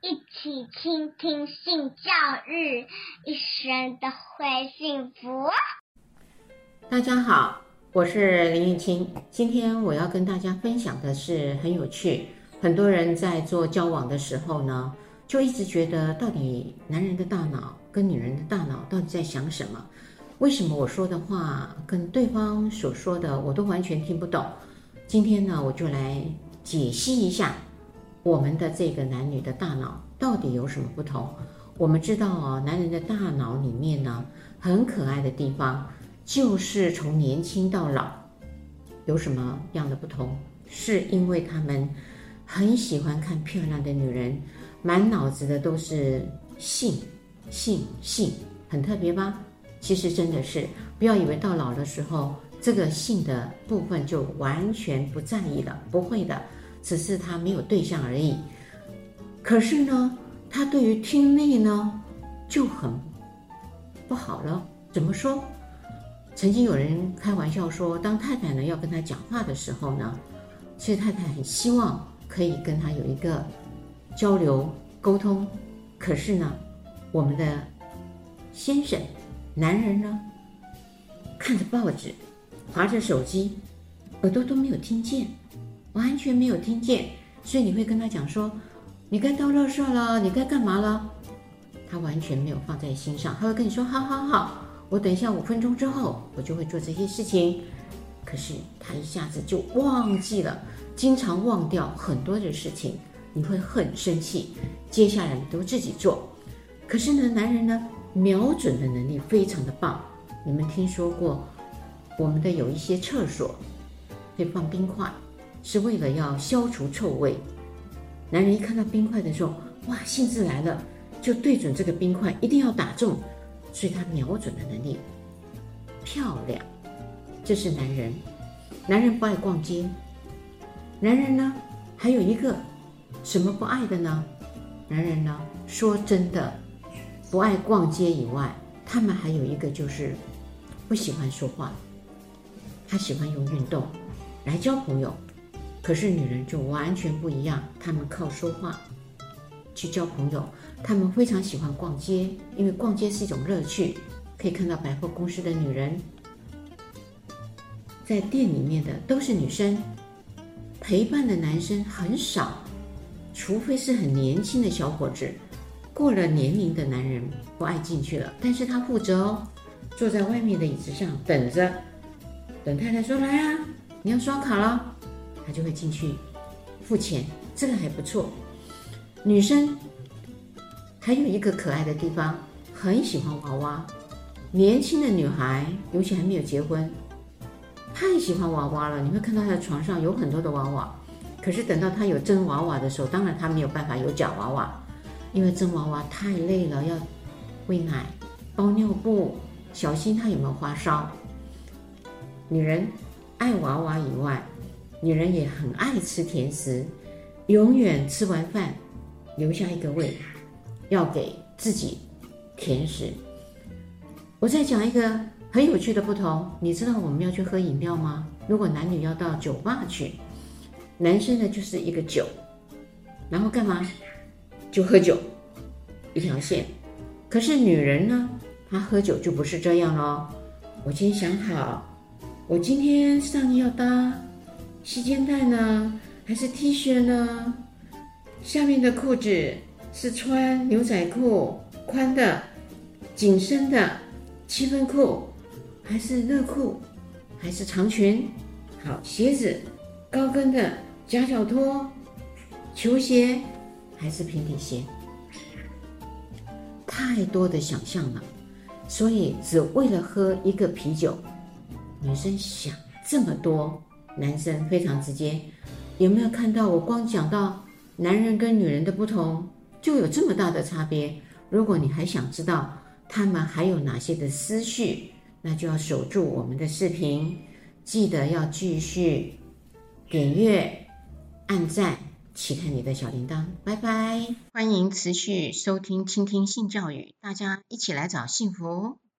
一起傾聽性教育，一生都會幸福。大家好，我是林玉清，今天我要跟大家分享的是很有趣。很多人在做交往的時候呢，就一直覺得到底男人的大腦跟女人的大腦到底在想什麼？為什麼我說的話跟對方所說的我都完全聽不懂？今天呢，我就來解析一下。我們的這個男女的大腦到底有什麼不同？我們知道哦，男人的大腦裡面呢，很可愛的地方就是從年輕到老有什麼樣的不同？是因為他們很喜歡看漂亮的女人，滿腦子的都是性、性、性，很特別吧？其實真的是，不要以為到老的時候這個性的部分就完全不在意了，不會的。只是他沒有對象而已，可是呢，他對於聽力呢就很不好了。怎麼說？曾經有人開玩笑說，當太太呢要跟他講話的時候呢，其實太太很希望可以跟他有一個交流溝通，可是呢，我們的先生、男人呢，看着報紙，滑着手機，耳朵都沒有聽見。完全沒有聽見，所以你會跟他講說：“你該倒垃圾了，你該幹嘛了？”他完全沒有放在心上，他會跟你說：“好好好，我等一下五分鐘之後，我就會做這些事情。”可是他一下子就忘記了，經常忘掉很多的事情，你會很生氣。接下來你都自己做。可是呢，男人呢，瞄準的能力非常的棒。你們聽說過我們的有一些廁所會放冰塊。是為了要消除臭味，男人一看到冰塊的時候，哇，興致來了，就對準這個冰塊，一定要打中，所以他瞄準的能力漂亮。這是男人，男人不愛逛街，男人呢還有一個什麼不愛的呢？男人呢說真的不愛逛街以外，他們還有一個就是不喜歡說話，他喜歡用運動來交朋友。可是女人就完全不一樣，她們靠說話去交朋友，她們非常喜歡逛街，因為逛街是一種樂趣。可以看到百貨公司的女人，在店裡面的都是女生，陪伴的男生很少，除非是很年輕的小夥子，過了年齡的男人不愛進去了。但是他負責哦，坐在外面的椅子上等着，等太太說來啊，你要刷卡了。他就會進去付錢，這個還不錯。女生還有一個可愛的地方，很喜歡娃娃。年輕的女孩，尤其還沒有結婚，太喜歡娃娃了。你會看到她的床上有很多的娃娃。可是等到她有真娃娃的時候，當然她沒有辦法有假娃娃，因為真娃娃太累了，要餵奶、包尿布，小心她有沒有發燒。女人愛娃娃以外。女人也很愛吃甜食，永遠吃完飯留下一個胃，要給自己甜食。我再講一個很有趣的不同，你知道我們要去喝飲料嗎？如果男女要到酒吧去，男生呢就是一個酒，然後幹嘛就喝酒，一條線。可是女人呢，她喝酒就不是這樣咯。我先想好，我今天上衣要搭。細肩帶呢，還是 T 恤呢？下面的褲子是穿牛仔褲，寬的、緊身的、七分褲，還是熱褲，還是長裙？好，鞋子，高跟的、夾腳拖、球鞋，還是平底鞋？太多的想象了，所以只為了喝一個啤酒，女生想這麼多。男生非常直接，有沒有看到我光講到男人跟女人的不同就有這麼大的差別？如果你還想知道他們還有哪些的思緒，那就要守住我們的視頻，記得要繼續點閱、按讚、期待你的小鈴鐺，拜拜！歡迎持續收聽、傾聽性教育，大家一起來找幸福。